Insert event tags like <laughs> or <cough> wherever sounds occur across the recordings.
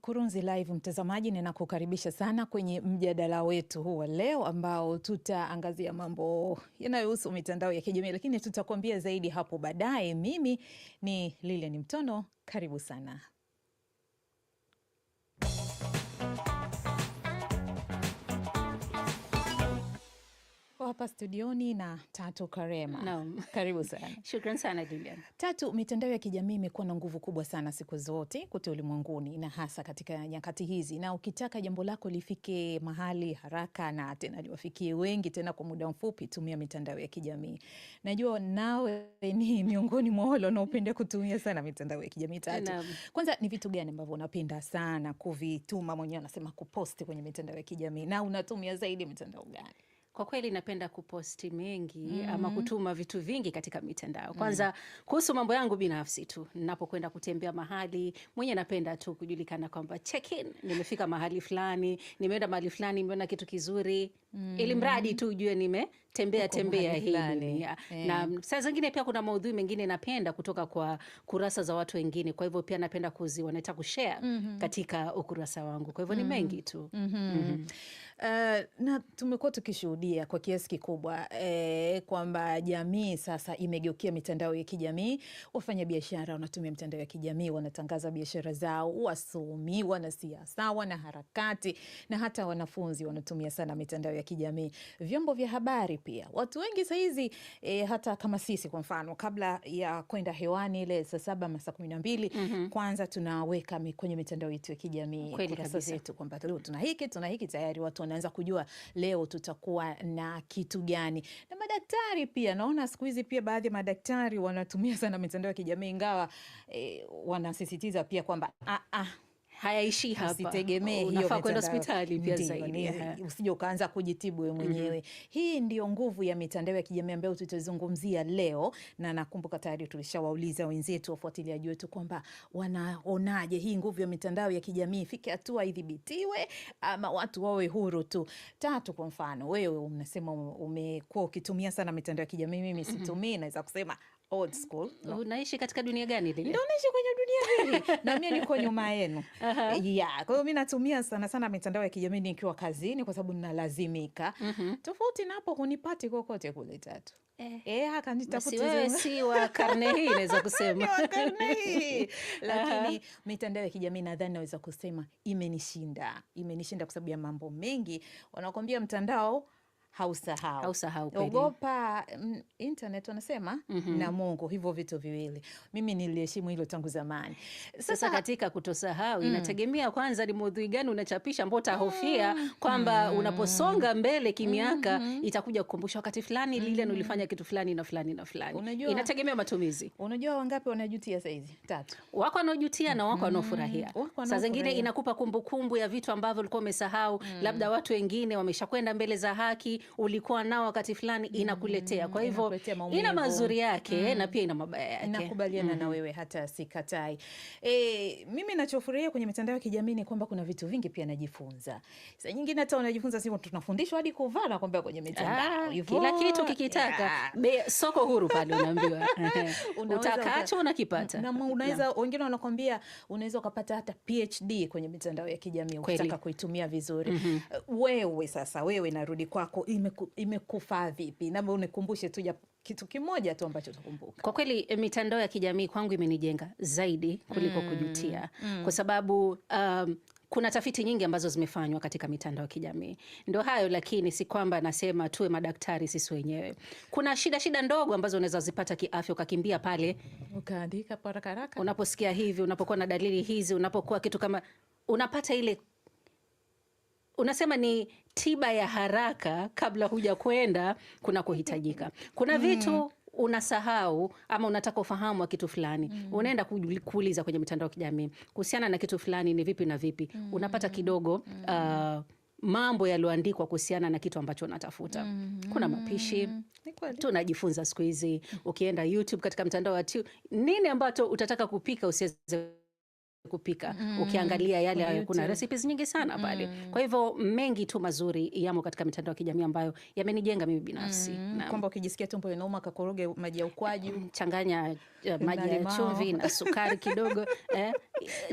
Kurunzi Live mtazamaji, ninakukaribisha sana kwenye mjadala wetu huu wa leo ambao tutaangazia mambo yanayohusu mitandao ya kijamii, lakini tutakuambia zaidi hapo baadaye. Mimi ni Lilian Mtono, karibu sana. hapa studioni na Tatu Karema. Naam. <laughs> Karibu sana. Shukran sana Julian. Tatu, mitandao ya kijamii imekuwa na nguvu kubwa sana siku zote kote ulimwenguni na hasa katika nyakati hizi, na ukitaka jambo lako lifike mahali haraka na tena liwafikie wengi tena kwa muda mfupi, tumia mitandao ya kijamii. Najua nawe ni miongoni mwa wale wanaopenda kutumia sana mitandao ya kijamii. Tatu, kwanza ni vitu gani ambavyo unapenda sana kuvituma, mwenyewe anasema kuposti kwenye mitandao ya kijamii, na unatumia zaidi mitandao gani? Kwa kweli napenda kuposti mengi mm -hmm. ama mm-hmm. kutuma vitu vingi katika mitandao. Mm-hmm. Kwanza mm -hmm. kuhusu mambo yangu binafsi tu, ninapokwenda kutembea mahali mwenye, napenda tu kujulikana kwamba check in, nimefika mahali fulani, nimeenda mahali fulani, nimeona kitu kizuri mm -hmm. ili mradi mm-hmm. tu ujue nime tembea tembea hii yeah. Na saa zingine pia kuna maudhui mengine napenda kutoka kwa kurasa za watu wengine, kwa hivyo pia napenda kuzi wanaita kushare mm -hmm. katika ukurasa wangu, kwa hivyo mm -hmm. ni mhm. mengi tu mm -hmm. Mm -hmm. Uh, na tumekuwa tukishuhudia kwa kiasi kikubwa eh, kwamba jamii sasa imegeukia mitandao ya kijamii. Wafanyabiashara wanatumia mitandao ya kijamii, wanatangaza biashara zao, wasomi, wanasiasa, wanaharakati na hata wanafunzi wanatumia sana mitandao ya kijamii. Vyombo vya habari pia. Watu wengi sahizi e, eh, hata kama sisi kwa mfano, kabla ya kwenda hewani ile saa saba na saa kumi na mbili mm -hmm. kwanza tunaweka kwenye mitandao yetu ya kijamii kurasa zetu kwamba leo tuna hiki tuna hiki, tayari watu wanaanza kujua leo tutakuwa na kitu gani. Na madaktari pia naona siku hizi pia baadhi ya madaktari wanatumia sana mitandao ya kijamii ingawa e, wanasisitiza pia kwamba ah, ah hayaishi hapa, usitegemee hiyo, unafaa kwenda hospitali pia zaidi, usije ukaanza kujitibu wewe mwenyewe. mm -hmm. Hii ndio nguvu ya mitandao ya kijamii ambayo tutazungumzia leo, na nakumbuka tayari tulishawauliza wenzetu, wafuatiliaji wetu kwamba wanaonaje hii nguvu ya mitandao ya kijamii, ifike hatua idhibitiwe ama watu wawe huru tu. Tatu, kwa mfano wewe unasema umekuwa ukitumia sana mitandao ya kijamii, mimi mm-hmm. situmii, mm -hmm. naweza kusema old school. Unaishi katika dunia gani Ndio, naishi kwenye dunia hili <laughs> na mimi niko nyuma yenu ah, Uh-huh. yeah. Kwa hiyo mi natumia sana sana mitandao ya kijamii nikiwa kazini kwa sababu nalazimika. mm -hmm. Tofauti napo hunipati kokote kule tatu Eh, eh, wewe si wa karne hii naweza <laughs> kusema <laughs> lakini uh-huh. mitandao ya kijamii nadhani naweza kusema imenishinda, imenishinda kwa sababu ya mambo mengi wanakwambia mtandao hausahau, hausahau ogopa mm, internet wanasema mm -hmm. na Mungu, hivyo vitu viwili. Mimi niliheshimu hilo tangu zamani. Sasa, sasa katika kutosahau mm. inategemea kwanza ni maudhui gani unachapisha ambao utahofia mm. kwamba mm. unaposonga mbele kimiaka mm -hmm. itakuja kukumbusha wakati fulani mm -hmm. lile nilifanya kitu fulani na fulani na fulani. Unajua, inategemea matumizi. Unajua wangapi wanajutia saizi? Tatu. Wako wanaojutia na wako wanaofurahia mm -hmm. saa zingine inakupa kumbukumbu kumbu ya vitu ambavyo ulikuwa umesahau mm -hmm. labda watu wengine wameshakwenda mbele za haki ulikuwa nao wakati fulani mm, inakuletea. Kwa hivyo ina mazuri yake mm, na pia ina mabaya yake. Nakubaliana mm, na mm-hmm. wewe hata sikatai. E, mimi nachofurahia kwenye mitandao ya kijamii ni kwamba kuna vitu vingi pia najifunza. Sasa nyingine hata unajifunza, sio, Tunafundishwa hadi kuvaa na kwamba kwenye mitandao ah, hivyo, kila kitu kikitaka, yeah. soko huru pale unaambiwa <laughs> eh, utakacho unakipata, na unaweza wengine wanakuambia unaweza ukapata hata PhD kwenye mitandao ya kijamii ukitaka kuitumia vizuri. mm -hmm. Wewe sasa, wewe narudi kwako imekufaa ime vipi? Labda unikumbushe tu kitu kimoja tu ambacho tukumbuka. Kwa kweli eh, mitandao ya kijamii kwangu imenijenga zaidi kuliko mm. kujutia mm. kwa sababu um, kuna tafiti nyingi ambazo zimefanywa katika mitandao ya kijamii ndo hayo, lakini si kwamba nasema tuwe madaktari sisi wenyewe. Kuna shida shida ndogo ambazo unaweza zipata kiafya, ukakimbia pale ukaandika haraka haraka, unaposikia hivi, unapokuwa na dalili hizi, unapokuwa kitu kama unapata ile unasema ni tiba ya haraka kabla huja kwenda kunakohitajika. Kuna mm. vitu unasahau ama unataka ufahamu wa kitu fulani mm. Unaenda kuuliza kwenye mitandao ya kijamii kuhusiana na kitu fulani, ni vipi na vipi mm. Unapata kidogo mm. uh, mambo yaliyoandikwa kuhusiana na kitu ambacho unatafuta mm. Kuna mapishi mm. tunajifunza siku hizi, ukienda YouTube katika mtandao wa nini ambacho utataka kupika usiweze kupika mm. Ukiangalia yale kuna recipes nyingi sana pale mm. Kwa hivyo mengi tu mazuri yamo katika mitandao ya kijamii ambayo yamenijenga mimi binafsi mm. Kwamba ukijisikia tumbo linauma kakoroge maji ya ukwaju, eh, changanya uh, eh, maji ya chumvi na sukari kidogo <laughs> eh,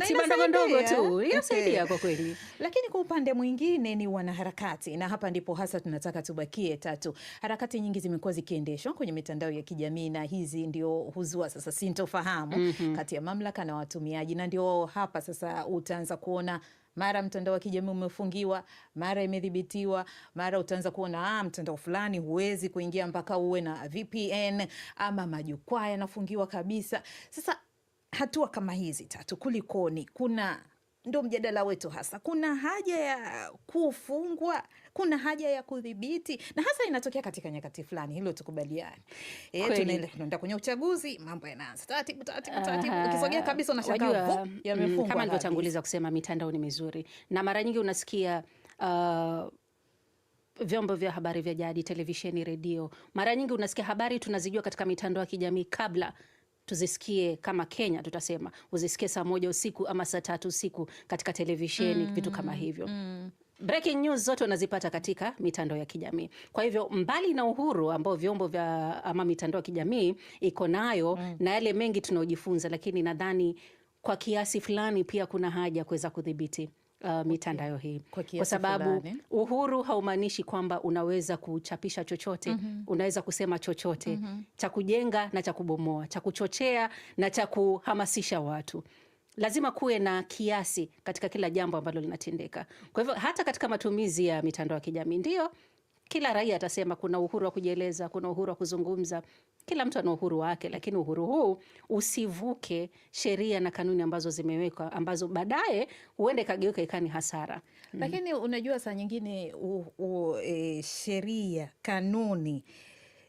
tiba ndogo ndogo tu inasaidia eh. kwa kweli. Lakini kwa upande mwingine ni wanaharakati, na hapa ndipo hasa tunataka tubakie tatu. Harakati nyingi zimekuwa zikiendeshwa kwenye mitandao ya kijamii na hizi ndio huzua sasa sintofahamu mm -hmm. kati ya mamlaka na watumiaji na ndio ambao hapa sasa utaanza kuona mara mtandao wa kijamii umefungiwa, mara imedhibitiwa, mara utaanza kuona ah, mtandao fulani huwezi kuingia mpaka uwe na VPN ama majukwaa yanafungiwa kabisa. Sasa hatua kama hizi tatu, kulikoni? Kuna ndio mjadala wetu hasa. Kuna haja ya kufungwa, kuna haja ya kudhibiti, na hasa inatokea katika nyakati fulani, hilo tukubaliane. Eh, tunaenda kwenye uchaguzi, mambo yanaanza taratibu taratibu taratibu, ah, ukisogea kabisa unashangaa yamefungwa. Mm, kama nilivyotanguliza kusema, mitandao ni mizuri, na mara nyingi unasikia uh, vyombo vya habari vya jadi, televisheni, redio, mara nyingi unasikia habari tunazijua katika mitandao ya kijamii kabla tuzisikie kama Kenya, tutasema uzisikie saa moja usiku ama saa tatu usiku katika televisheni mm, vitu kama mm, hivyo mm. Breaking news zote unazipata katika mitandao ya kijamii. Kwa hivyo mbali na uhuru ambao vyombo vya ama mitandao ya kijamii iko nayo mm, na yale mengi tunaojifunza, lakini nadhani kwa kiasi fulani pia kuna haja ya kuweza kudhibiti uh, mitandao hii kwa, kwa sababu fulani. Uhuru haumaanishi kwamba unaweza kuchapisha chochote mm -hmm. Unaweza kusema chochote mm -hmm. cha kujenga na cha kubomoa, cha kuchochea na cha kuhamasisha watu lazima kuwe na kiasi katika kila jambo ambalo linatendeka. Kwa hivyo hata katika matumizi ya mitandao ya kijamii, ndio kila raia atasema kuna uhuru wa kujieleza, kuna uhuru wa kuzungumza, kila mtu ana uhuru wake, lakini uhuru huu usivuke sheria na kanuni ambazo zimewekwa, ambazo baadaye huenda ikageuka ikani hasara. Mm-hmm. Lakini mm. unajua saa nyingine e, sheria kanuni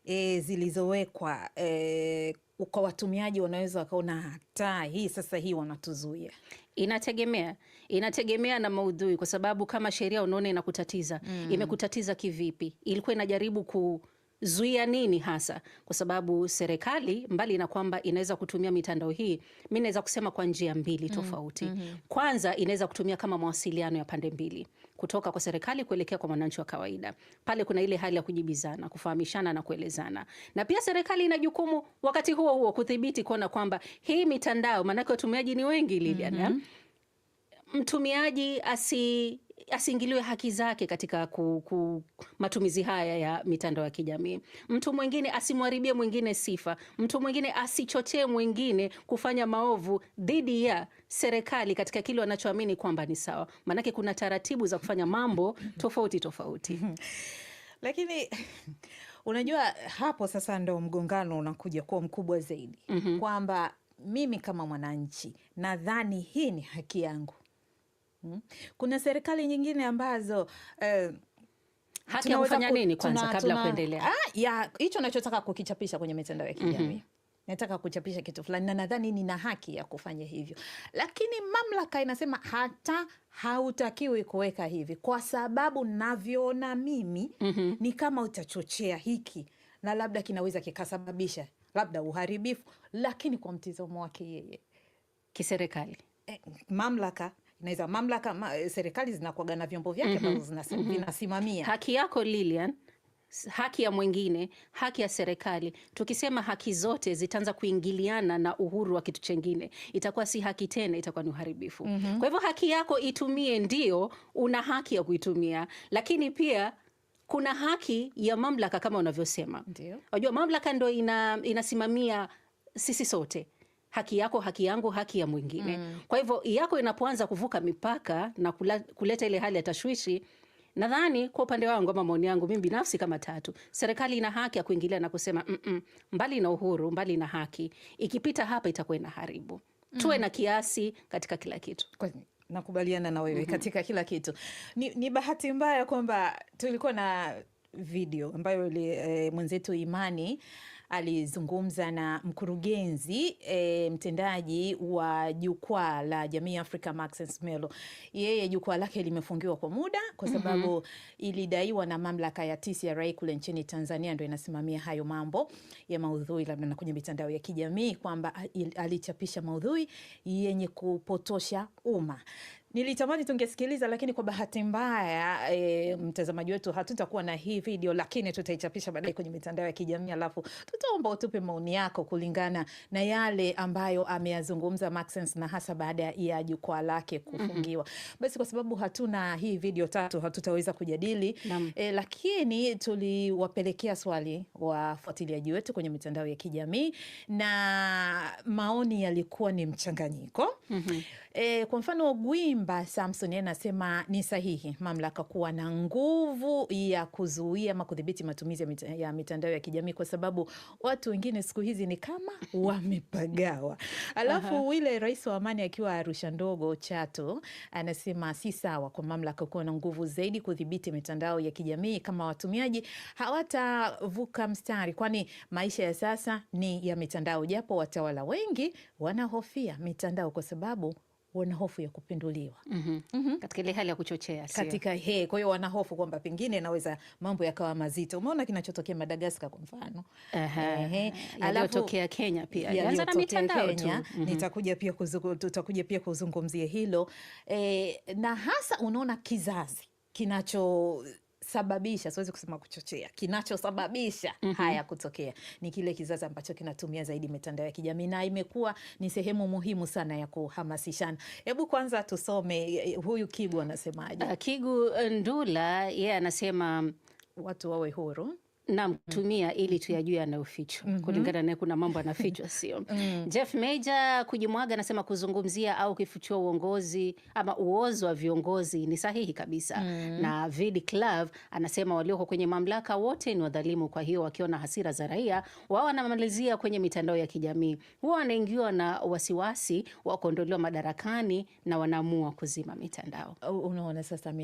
e, zilizowekwa e, kwa watumiaji wanaweza wakaona hata ah, hii sasa hii wanatuzuia. Inategemea, inategemea na maudhui, kwa sababu kama sheria unaona inakutatiza mm. imekutatiza kivipi? Ilikuwa inajaribu ku zuia nini hasa? Kwa sababu serikali mbali na kwamba inaweza kutumia mitandao hii, mi naweza kusema kwa njia mbili mm, tofauti. mm -hmm. Kwanza inaweza kutumia kama mawasiliano ya pande mbili kutoka kwa serikali kuelekea kwa mwananchi wa kawaida. Pale kuna ile hali ya kujibizana, kufahamishana na kuelezana, na pia serikali ina jukumu wakati huo huo kudhibiti, kuona kwamba hii mitandao, maanake watumiaji ni wengi Lilian, mm -hmm mtumiaji asi asiingiliwe haki zake katika ku, ku, matumizi haya ya mitandao ya kijamii. Mtu mwingine asimwharibie mwingine sifa, mtu mwingine asichochee mwingine kufanya maovu dhidi ya serikali katika kile wanachoamini kwamba ni sawa, maanake kuna taratibu za kufanya mambo tofauti tofauti <laughs> lakini unajua hapo sasa ndo mgongano unakuja kuwa mkubwa zaidi mm -hmm. kwamba mimi kama mwananchi nadhani hii ni haki yangu kuna serikali nyingine ambazo eh, haki ya kufanya nini kwanza kabla tuna, kuendelea. Ah, ya hicho nachotaka kukichapisha kwenye mitandao ya kijamii. Mm -hmm. Nataka kuchapisha kitu fulani na nadhani nina haki ya kufanya hivyo, lakini mamlaka inasema hata hautakiwi kuweka hivi, kwa sababu navyoona mimi mm -hmm. ni kama utachochea hiki na labda kinaweza kikasababisha labda uharibifu, lakini kwa mtizamo wake yeye kiserikali, eh, mamlaka inaweza mamlaka ma, serikali zinakuaga na vyombo vyake mhm. ambazo mm -hmm. vinasimamia haki yako Lilian haki ya mwingine, haki ya serikali. Tukisema haki zote zitaanza kuingiliana na uhuru wa kitu chengine, itakuwa si haki tena, itakuwa ni uharibifu. mm -hmm. Kwa hivyo haki yako itumie, ndio una haki ya kuitumia, lakini pia kuna haki ya mamlaka kama unavyosema. Unajua mamlaka ndo ina, inasimamia sisi sote haki yako, haki yangu, haki ya mwingine mm. Kwa hivyo yako inapoanza kuvuka mipaka na kula, kuleta ile hali ya tashwishi Nadhani kwa upande wangu ama maoni yangu mimi binafsi kama Tatu, serikali ina haki ya kuingilia na kusema mm -mm, mbali na uhuru, mbali na haki, ikipita hapa itakuwa haribu mm. Tuwe mm na kiasi katika kila kitu. Nakubaliana na wewe mm -hmm. katika kila kitu. Ni, ni bahati mbaya kwamba tulikuwa na video ambayo e, mwenzetu Imani alizungumza na mkurugenzi e, mtendaji wa jukwaa la jamii Afrika Maxence Melo. Yeye jukwaa lake limefungiwa kwa muda kwa mhm. sababu mm -hmm. ilidaiwa na mamlaka ya TCRA kule nchini Tanzania ndio inasimamia hayo mambo ya maudhui labda na kwenye mitandao ya kijamii kwamba alichapisha maudhui yenye kupotosha umma. Nilitamani tungesikiliza lakini kwa bahati mbaya e, mtazamaji wetu hatutakuwa na hii video, lakini tutaichapisha baadaye kwenye mitandao ya kijamii, alafu tutaomba utupe maoni yako kulingana na yale ambayo ameyazungumza Maxence, na hasa baada ya jukwaa lake mhm. kufungiwa. mm -hmm. Basi kwa sababu hatuna hii video tatu hatutaweza kujadili e, lakini tuliwapelekea swali wafuatiliaji wetu kwenye mitandao ya kijamii na maoni yalikuwa ni mchanganyiko. mm -hmm. E, kwa mfano Gwim Simba Samson anasema ni sahihi mamlaka kuwa na nguvu ya kuzuia ama kudhibiti matumizi ya, mitandao ya kijamii kwa sababu watu wengine siku hizi ni kama <laughs> wamepagawa. Alafu wile rais wa amani akiwa Arusha ndogo Chato anasema si sawa kwa mamlaka kuwa na nguvu zaidi kudhibiti mitandao ya kijamii kama watumiaji hawatavuka mstari, kwani maisha ya sasa ni ya mitandao, japo watawala wengi wanahofia mitandao kwa sababu wana hofu ya kupinduliwa mm -hmm. katika ile hali ya kuchochea sio? Katika he, kwa hiyo wana hofu kwamba pengine naweza mambo yakawa mazito. Umeona kinachotokea Madagaskar kwa mfano, yaliyotokea Kenya pia, yalianza na mitandao tu. Mhm. Nitakuja pia tutakuja pia kuzungumzia hilo e, na hasa unaona kizazi kinacho kinachosababisha, siwezi kusema kuchochea, kinachosababisha mm -hmm. haya kutokea ni kile kizazi ambacho kinatumia zaidi mitandao ya kijamii na imekuwa ni sehemu muhimu sana ya kuhamasishana. Hebu kwanza tusome eh, eh, huyu Kigu anasemaje? Ah, Kigu Ndula yeye yeah, anasema watu wawe huru Mm-hmm. namtumia ili mm-hmm. tuyajue anayofichwa. mm -hmm. Kulingana naye kuna mambo anafichwa, <laughs> sio? mm -hmm. Jeff Major kujimwaga anasema kuzungumzia au kifuchua uongozi ama uozo wa viongozi ni sahihi kabisa. mm -hmm. Na Vid Club anasema walioko kwenye mamlaka wote ni wadhalimu, kwa hiyo wakiona hasira za raia wao wanamalizia kwenye mitandao ya kijamii, huwa wanaingiwa na wasiwasi wa kuondolewa madarakani na wanaamua kuzima mitandao. Unaona sasa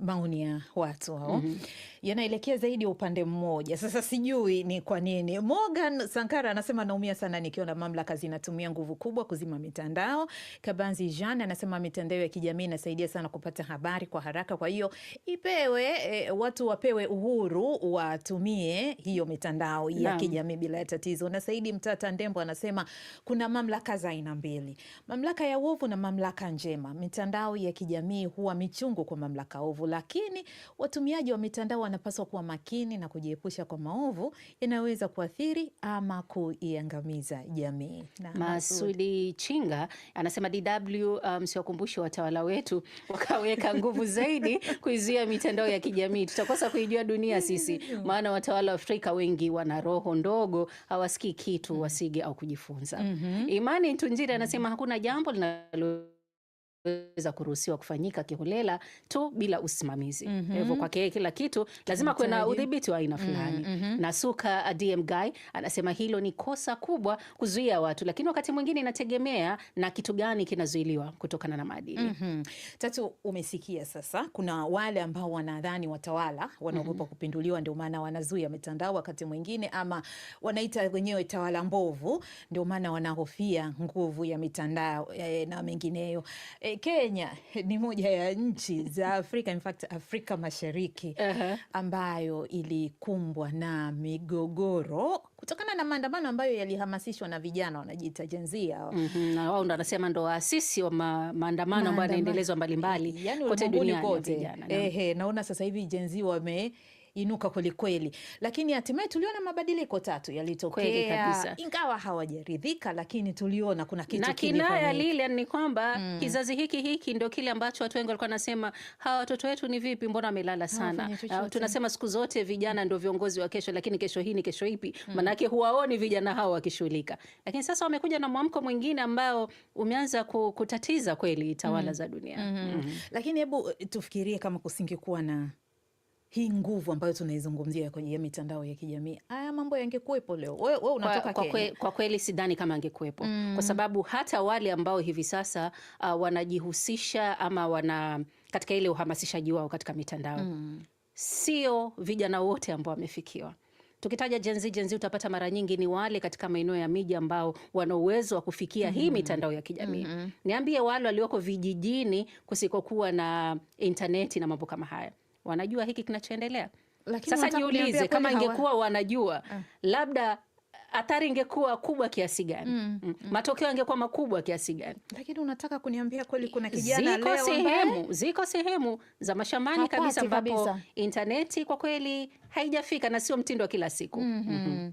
maoni ya watu hao mm -hmm. yanaelekea zaidi ya upande mmoja moja. Sasa sijui ni kwa nini. Morgan Sankara anasema naumia sana nikiona mamlaka zinatumia nguvu kubwa kuzima mitandao. Kabanzi Jean anasema mitandao ya kijamii inasaidia sana kupata habari kwa haraka, kwa hiyo ipewe e, watu wapewe uhuru watumie hiyo mitandao ya kijamii bila ya tatizo. Na Saidi Mtata Ndembo anasema kuna mamlaka za aina mbili, mamlaka ya uovu na mamlaka njema. Mitandao ya kijamii huwa michungu kwa mamlaka ovu, lakini watumiaji wa mitandao wanapaswa kuwa makini na kujiepusha kujihusisha kwa maovu yanaweza kuathiri ama kuiangamiza jamii. Masudi Chinga anasema DW msiwakumbushe um, watawala wetu <laughs> wakaweka nguvu zaidi kuizuia mitandao ya kijamii, tutakosa kuijua dunia sisi, maana watawala wa Afrika wengi wana roho ndogo, hawasikii kitu wasige au kujifunza. mm -hmm. Imani Tunjiri anasema hakuna jambo linalo weza kuruhusiwa kufanyika kiholela tu bila usimamizi. mm -hmm. kwake kila kitu lazima kuwe na udhibiti wa aina mm-hmm, fulani. mm -hmm. Na Suka uh, DM Guy anasema hilo ni kosa kubwa kuzuia watu, lakini wakati mwingine inategemea na kitu gani kinazuiliwa kutokana na maadili. mm -hmm. Tatu, umesikia sasa, kuna wale ambao wanadhani watawala wanaogopa mm -hmm. kupinduliwa, ndio maana wanazuia mitandao wakati mwingine, ama wanaita wenyewe tawala mbovu, ndio maana wanahofia nguvu ya mitandao e, na mengineyo e, Kenya ni moja ya nchi za Afrika, in fact Afrika Mashariki uh -huh. ambayo ilikumbwa na migogoro kutokana na maandamano ambayo yalihamasishwa na vijana wanajiita jenzia mm -hmm. na wao ndo anasema ndo waasisi wa maandamano ambayo yanaendelezwa mbalimbali yaani kote duniani kote. Ehe, naona sasa hivi jenzia wame inuka kwelikweli, lakini hatimaye tuliona mabadiliko tatu yalitokea, ingawa hawajaridhika, lakini tuliona kuna kitu na kinaya lile ni kwamba mm. kizazi hiki hiki ndio kile ambacho watu wengi walikuwa nasema hawa watoto wetu ni vipi, mbona wamelala sana? Ha, uh, tunasema siku zote vijana ndio viongozi wa kesho, lakini kesho hii ni kesho ipi? mm. huwaoni vijana hawa wakishughulika, lakini sasa wamekuja na mwamko mwingine ambao umeanza kutatiza kweli tawala mm. za dunia mm -hmm. mm -hmm. Lakini hebu eh, tufikirie kama kusingekuwa na hii nguvu ambayo tunaizungumzia kwenye mitandao ya kijamii, haya mambo yangekuwepo leo? We, we unatoka kwa, kwa, kwa kweli sidhani kama angekuwepo mm. Kwa sababu hata wale ambao hivi sasa uh, wanajihusisha ama wana katika ile uhamasishaji wao katika mitandao mm. Sio vijana wote ambao wamefikiwa Tukitaja Gen Z, Gen Z utapata mara nyingi ni wale katika maeneo ya miji ambao wana uwezo wa kufikia mm -hmm. hii mm-hmm. mitandao ya kijamii mm -hmm. Niambie wale walioko vijijini kusikokuwa na intaneti na mambo kama haya wanajua hiki kinachoendelea. sasa jiulize kama ingekuwa wanajua uh. labda athari ingekuwa kubwa kiasi gani? Mm, mm, mm. Matokeo yangekuwa makubwa kiasi gani? Lakini unataka kuniambia kweli kuna kijana ziko leo sehemu mbae? ziko sehemu za mashambani kabisa ambapo intaneti kwa kweli haijafika na sio mtindo wa kila siku. mm -hmm. Mm -hmm.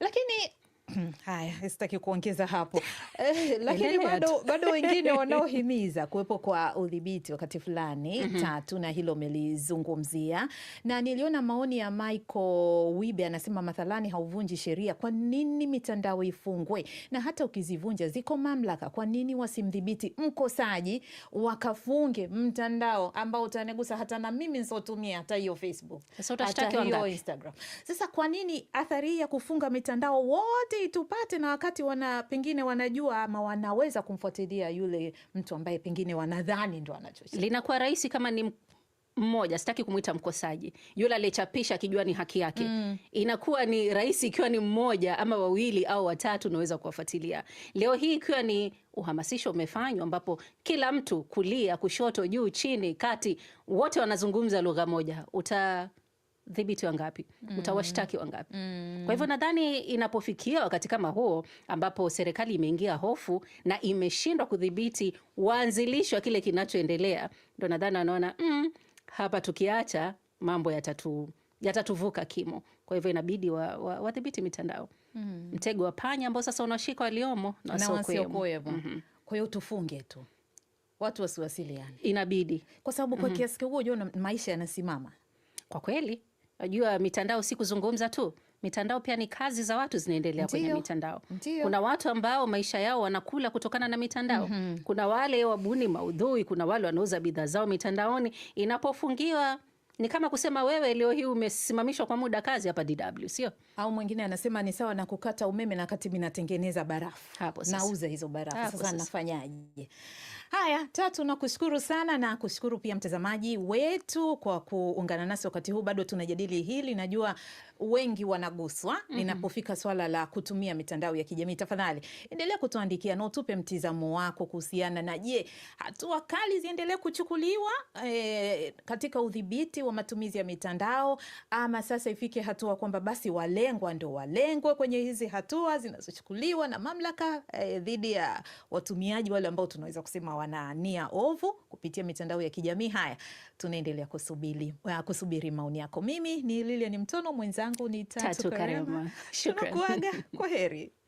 Lakini <clears throat> Haya, sitaki kuongeza hapo <laughs> eh, lakini bado, bado wengine <laughs> wanaohimiza kuwepo kwa udhibiti wakati fulani mm -hmm. Tatu na hilo umelizungumzia, na niliona maoni ya Michael Wibe anasema, mathalani hauvunji sheria, kwa nini mitandao ifungwe? Na hata ukizivunja ziko mamlaka, kwa nini wasimdhibiti mkosaji wakafunge mtandao ambao utanegusa hata na mimi nisotumia hata hiyo Facebook hata hiyo Instagram? Sasa kwa nini athari ya kufunga mitandao wote ili tupate na wakati wana pengine wanajua ama wanaweza kumfuatilia yule mtu ambaye pengine wanadhani ndo anachochea. Linakuwa rahisi kama ni mmoja, sitaki kumwita mkosaji, yule aliyechapisha akijua ni haki yake mm. Inakuwa ni rahisi ikiwa ni mmoja ama wawili au watatu, unaweza kuwafuatilia. Leo hii ikiwa ni uhamasisho umefanywa, ambapo kila mtu kulia, kushoto, juu, chini, kati, wote wanazungumza lugha moja uta mtadhibiti wangapi? mm. utawashtaki wangapi? mm. Kwa hivyo nadhani inapofikia wakati kama huo ambapo serikali imeingia hofu na imeshindwa kudhibiti waanzilishi wa kile kinachoendelea, ndo nadhani wanaona mm, hapa tukiacha mambo yatatu yatatuvuka kimo. Kwa hivyo inabidi wadhibiti wa, wa mitandao mm. mtego wa panya ambao sasa unashika waliomo na wasiokuwemo. Mm-hmm. Kwa hiyo tufunge tu watu wasiwasiliani inabidi kwa sababu kwa mm -hmm. kiasi kikubwa jua maisha yanasimama kwa kweli ajua mitandao si kuzungumza tu, mitandao pia ni kazi za watu zinaendelea kwenye mitandao. Ndiyo. Kuna watu ambao maisha yao wanakula kutokana na mitandao. Mm -hmm. Kuna wale wabuni maudhui, kuna wale wanauza bidhaa zao mitandaoni. Inapofungiwa ni kama kusema wewe leo hii umesimamishwa kwa muda kazi hapa DW, sio? Au mwingine anasema ni sawa na kukata umeme na kati mimi natengeneza barafu. Nauza hizo barafu. Sasa nafanyaje? Haya, Tatu, nakushukuru sana na kushukuru pia mtazamaji wetu kwa kuungana nasi wakati huu. Bado tunajadili hili, najua wengi wanaguswa mm -hmm. linapofika swala la kutumia mitandao ya kijamii. Tafadhali endelea kutuandikia na utupe mtizamo wako kuhusiana na je, hatua kali ziendelee kuchukuliwa e, katika udhibiti wa matumizi ya mitandao ama sasa ifike hatua kwamba basi walengwa ndo walengwe kwenye hizi hatua zinazochukuliwa na mamlaka eh, dhidi e, ya watumiaji wale ambao tunaweza kusema wana nia ovu kupitia mitandao ya kijamii. Haya, tunaendelea kusubiri eh, kusubiri maoni yako. Mimi ni Lilian Mtono, mwenzangu ni Tatu Karema. Tunakuaga, <laughs> kwa heri.